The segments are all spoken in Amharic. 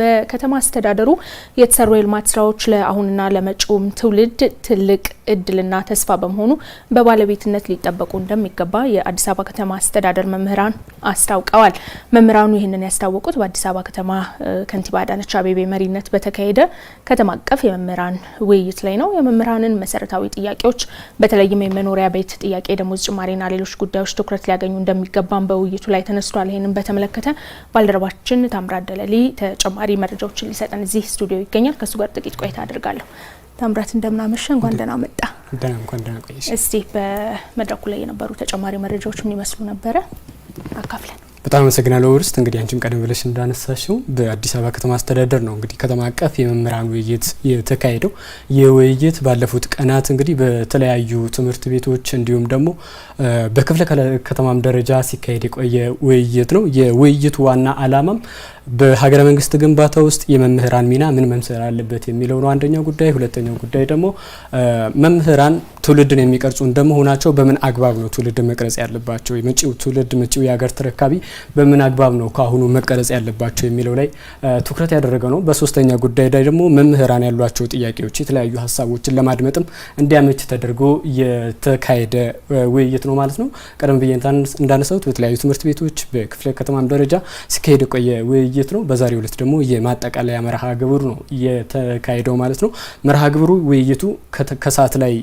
በከተማ አስተዳደሩ የተሰሩ የልማት ስራዎች ለአሁንና ለመጪውም ትውልድ ትልቅ እድልና ተስፋ በመሆኑ በባለቤትነት ሊጠበቁ እንደሚገባ የአዲስ አበባ ከተማ አስተዳደር መምህራን አስታውቀዋል። መምህራኑ ይህንን ያስታወቁት በአዲስ አበባ ከተማ ከንቲባ አዳነች አቤቤ መሪነት በተካሄደ ከተማ አቀፍ የመምህራን ውይይት ላይ ነው። የመምህራንን መሰረታዊ ጥያቄዎች በተለይም የመኖሪያ ቤት ጥያቄ፣ ደሞዝ ጭማሪና ሌሎች ጉዳዮች ትኩረት ሊያገኙ እንደሚገባም በውይይቱ ላይ ተነስቷል። ይህንን በተመለከተ ባልደረባችን ታምራት ደለሊ ተጨማ ተጨማሪ መረጃዎችን ሊሰጠን እዚህ ስቱዲዮ ይገኛል። ከእሱ ጋር ጥቂት ቆይታ አድርጋለሁ። ታምራት እንደምናመሸ እንኳን ደህና መጣ። እስቲ በመድረኩ ላይ የነበሩ ተጨማሪ መረጃዎች ምን ይመስሉ ነበረ? አካፍለን በጣም አመሰግናለሁ ርስት። እንግዲህ አንቺም ቀደም ብለሽ እንዳነሳሽው በአዲስ አበባ ከተማ አስተዳደር ነው እንግዲህ ከተማ አቀፍ የመምህራን ውይይት የተካሄደው። ይህ ውይይት ባለፉት ቀናት እንግዲህ በተለያዩ ትምህርት ቤቶች እንዲሁም ደግሞ በክፍለ ከተማም ደረጃ ሲካሄድ የቆየ ውይይት ነው። የውይይቱ ዋና ዓላማም በሀገረ መንግስት ግንባታ ውስጥ የመምህራን ሚና ምን መምሰል አለበት የሚለው ነው አንደኛው ጉዳይ። ሁለተኛው ጉዳይ ደግሞ መምህራን ትውልድን የሚቀርጹ እንደመሆናቸው በምን አግባብ ነው ትውልድ መቅረጽ ያለባቸው? የመጪው ትውልድ መጪው የሀገር ተረካቢ በምን አግባብ ነው ከአሁኑ መቀረጽ ያለባቸው የሚለው ላይ ትኩረት ያደረገ ነው። በሶስተኛ ጉዳይ ላይ ደግሞ መምህራን ያሏቸው ጥያቄዎች፣ የተለያዩ ሀሳቦችን ለማድመጥም እንዲያመች ተደርጎ የተካሄደ ውይይት ነው ማለት ነው። ቀደም ብዬ እንዳነሳሁት በተለያዩ ትምህርት ቤቶች በክፍለ ከተማም ደረጃ ሲካሄድ የቆየ ውይይት ነው። በዛሬው ዕለት ደግሞ የማጠቃለያ መርሃ ግብሩ ነው የተካሄደው ማለት ነው። መርሃ ግብሩ ውይይቱ ከሰዓት ላይ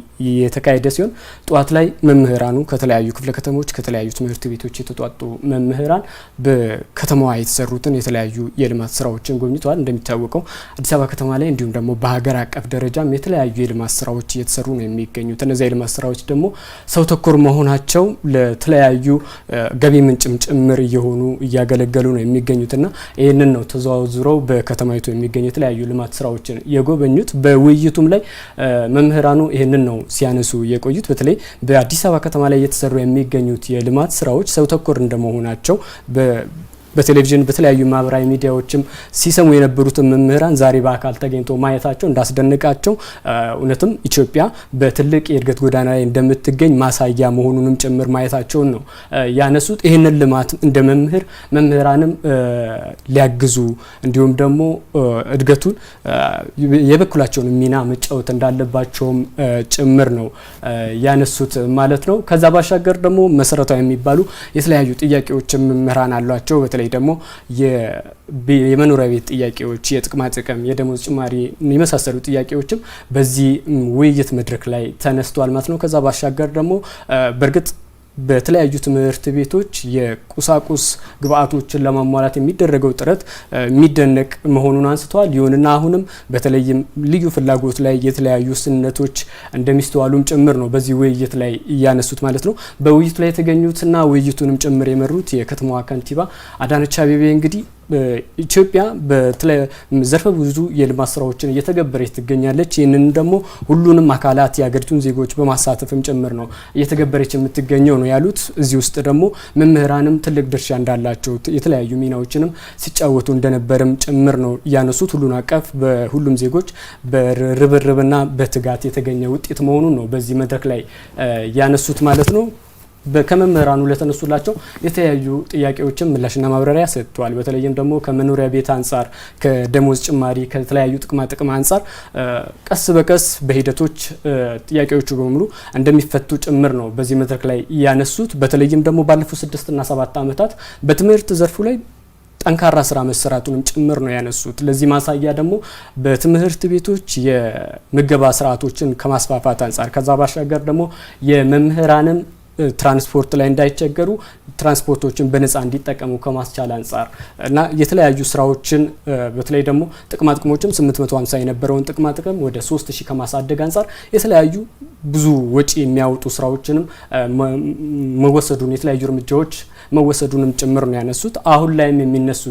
የተካሄደ ሲሆን ጠዋት ላይ መምህራኑ ከተለያዩ ክፍለ ከተሞች ከተለያዩ ትምህርት ቤቶች የተጧጡ መምህራን በከተማዋ የተሰሩትን የተለያዩ የልማት ስራዎችን ጎብኝተዋል። እንደሚታወቀው አዲስ አበባ ከተማ ላይ እንዲሁም ደግሞ በሀገር አቀፍ ደረጃም የተለያዩ የልማት ስራዎች እየተሰሩ ነው የሚገኙት። እነዚያ የልማት ስራዎች ደግሞ ሰው ተኮር መሆናቸው ለተለያዩ ገቢ ምንጭም ጭምር እየሆኑ እያገለገሉ ነው የሚገኙትና ይህንን ነው ተዘዋዝረው በከተማይቱ የሚገኙ የተለያዩ ልማት ስራዎችን የጎበኙት። በውይይቱም ላይ መምህራኑ ይህንን ነው ሲያነ ሲያነሱ የቆዩት በተለይ በአዲስ አበባ ከተማ ላይ እየተሰሩ የሚገኙት የልማት ስራዎች ሰው ተኮር እንደመሆናቸው በቴሌቪዥን በተለያዩ ማህበራዊ ሚዲያዎችም ሲሰሙ የነበሩትን መምህራን ዛሬ በአካል ተገኝቶ ማየታቸው እንዳስደንቃቸው እውነትም ኢትዮጵያ በትልቅ የእድገት ጎዳና ላይ እንደምትገኝ ማሳያ መሆኑንም ጭምር ማየታቸውን ነው ያነሱት። ይህንን ልማት እንደ መምህር መምህራንም ሊያግዙ እንዲሁም ደግሞ እድገቱን የበኩላቸውን ሚና መጫወት እንዳለባቸውም ጭምር ነው ያነሱት ማለት ነው። ከዛ ባሻገር ደግሞ መሰረታዊ የሚባሉ የተለያዩ ጥያቄዎችን መምህራን አሏቸው። በተለይ ደግሞ የመኖሪያ ቤት ጥያቄዎች፣ የጥቅማ ጥቅም፣ የደሞዝ ጭማሪ የመሳሰሉ ጥያቄዎችም በዚህ ውይይት መድረክ ላይ ተነስቷል ማለት ነው። ከዛ ባሻገር ደግሞ በእርግጥ በተለያዩ ትምህርት ቤቶች የቁሳቁስ ግብአቶችን ለማሟላት የሚደረገው ጥረት የሚደነቅ መሆኑን አንስተዋል። ይሁንና አሁንም በተለይም ልዩ ፍላጎት ላይ የተለያዩ ስነቶች እንደሚስተዋሉም ጭምር ነው በዚህ ውይይት ላይ እያነሱት ማለት ነው። በውይይቱ ላይ የተገኙትና ውይይቱንም ጭምር የመሩት የከተማዋ ከንቲባ አዳነች አቤቤ እንግዲህ ኢትዮጵያ ዘርፈ ብዙ የልማት ስራዎችን እየተገበረች ትገኛለች። ይህንን ደግሞ ሁሉንም አካላት የሀገሪቱን ዜጎች በማሳተፍም ጭምር ነው እየተገበረች የምትገኘው ነው ያሉት። እዚህ ውስጥ ደግሞ መምህራንም ትልቅ ድርሻ እንዳላቸው የተለያዩ ሚናዎችንም ሲጫወቱ እንደነበርም ጭምር ነው እያነሱት። ሁሉን አቀፍ በሁሉም ዜጎች በርብርብና በትጋት የተገኘ ውጤት መሆኑን ነው በዚህ መድረክ ላይ ያነሱት ማለት ነው። ከመምህራኑ ለተነሱላቸው የተለያዩ ጥያቄዎችን ምላሽና ማብራሪያ ሰጥተዋል። በተለይም ደግሞ ከመኖሪያ ቤት አንጻር፣ ከደሞዝ ጭማሪ፣ ከተለያዩ ጥቅማ ጥቅም አንጻር ቀስ በቀስ በሂደቶች ጥያቄዎቹ በሙሉ እንደሚፈቱ ጭምር ነው በዚህ መድረክ ላይ ያነሱት። በተለይም ደግሞ ባለፉት ስድስትና ሰባት ዓመታት በትምህርት ዘርፉ ላይ ጠንካራ ስራ መሰራቱንም ጭምር ነው ያነሱት። ለዚህ ማሳያ ደግሞ በትምህርት ቤቶች የምገባ ስርዓቶችን ከማስፋፋት አንጻር ከዛ ባሻገር ደግሞ የመምህራንም ትራንስፖርት ላይ እንዳይቸገሩ ትራንስፖርቶችን በነጻ እንዲጠቀሙ ከማስቻል አንጻር እና የተለያዩ ስራዎችን በተለይ ደግሞ ጥቅማ ጥቅሞችም 850 የነበረውን ጥቅማ ጥቅም ወደ 3000 ከማሳደግ አንጻር የተለያዩ ብዙ ወጪ የሚያወጡ ስራዎችንም መወሰዱን የተለያዩ እርምጃዎች መወሰዱንም ጭምር ነው ያነሱት። አሁን ላይም የሚነሱ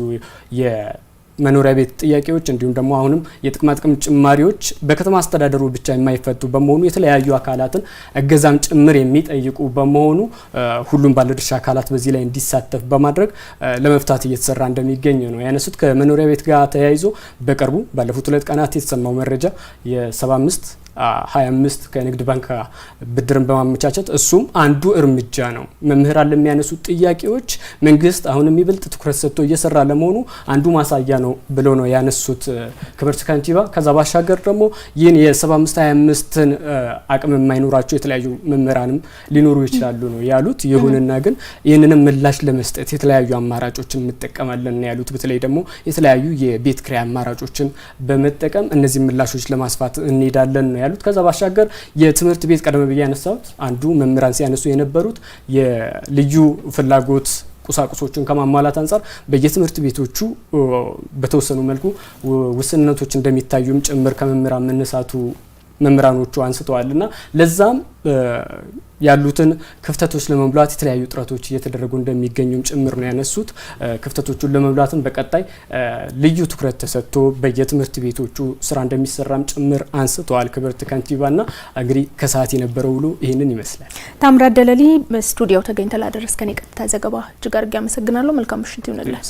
መኖሪያ ቤት ጥያቄዎች እንዲሁም ደግሞ አሁንም የጥቅማጥቅም ጭማሪዎች በከተማ አስተዳደሩ ብቻ የማይፈቱ በመሆኑ የተለያዩ አካላትን እገዛም ጭምር የሚጠይቁ በመሆኑ ሁሉም ባለድርሻ አካላት በዚህ ላይ እንዲሳተፍ በማድረግ ለመፍታት እየተሰራ እንደሚገኝ ነው ያነሱት። ከመኖሪያ ቤት ጋር ተያይዞ በቅርቡ ባለፉት ሁለት ቀናት የተሰማው መረጃ የ75 25 ከንግድ ባንክ ብድርን በማመቻቸት እሱም አንዱ እርምጃ ነው። መምህራን ለሚያነሱ ጥያቄዎች መንግስት አሁን የሚበልጥ ትኩረት ሰጥቶ እየሰራ ለመሆኑ አንዱ ማሳያ ነው ብለው ነው ያነሱት ክብርት ከንቲባ። ከዛ ባሻገር ደግሞ ይህን የ 7525 አቅም የማይኖራቸው የተለያዩ መምህራንም ሊኖሩ ይችላሉ ነው ያሉት። ይሁንና ግን ይህንንም ምላሽ ለመስጠት የተለያዩ አማራጮችን እንጠቀማለን ያሉት በተለይ ደግሞ የተለያዩ የቤት ኪራይ አማራጮችን በመጠቀም እነዚህ ምላሾች ለማስፋት እንሄዳለን ነው ያሉት። ከዛ ባሻገር የትምህርት ቤት ቀደም ብዬ ያነሳሁት አንዱ መምህራን ሲያነሱ የነበሩት የልዩ ፍላጎት ቁሳቁሶችን ከማሟላት አንጻር በየትምህርት ቤቶቹ በተወሰኑ መልኩ ውስንነቶች እንደሚታዩም ጭምር ከመምህራን መነሳቱ መምህራኖቹ አንስተዋል እና ለዛም ያሉትን ክፍተቶች ለመሙላት የተለያዩ ጥረቶች እየተደረጉ እንደሚገኙም ጭምር ነው ያነሱት። ክፍተቶቹን ለመሙላትም በቀጣይ ልዩ ትኩረት ተሰጥቶ በየትምህርት ቤቶቹ ስራ እንደሚሰራም ጭምር አንስተዋል ክብርት ከንቲባ ና እንግዲህ ከሰዓት የነበረው ውሎ ይህንን ይመስላል። ታምራት ደለሊ ስቱዲዮ ተገኝተህ ላደረስከን የቀጥታ ዘገባ እጅግ አድርጌ አመሰግናለሁ። መልካም ምሽት ይሁንልን።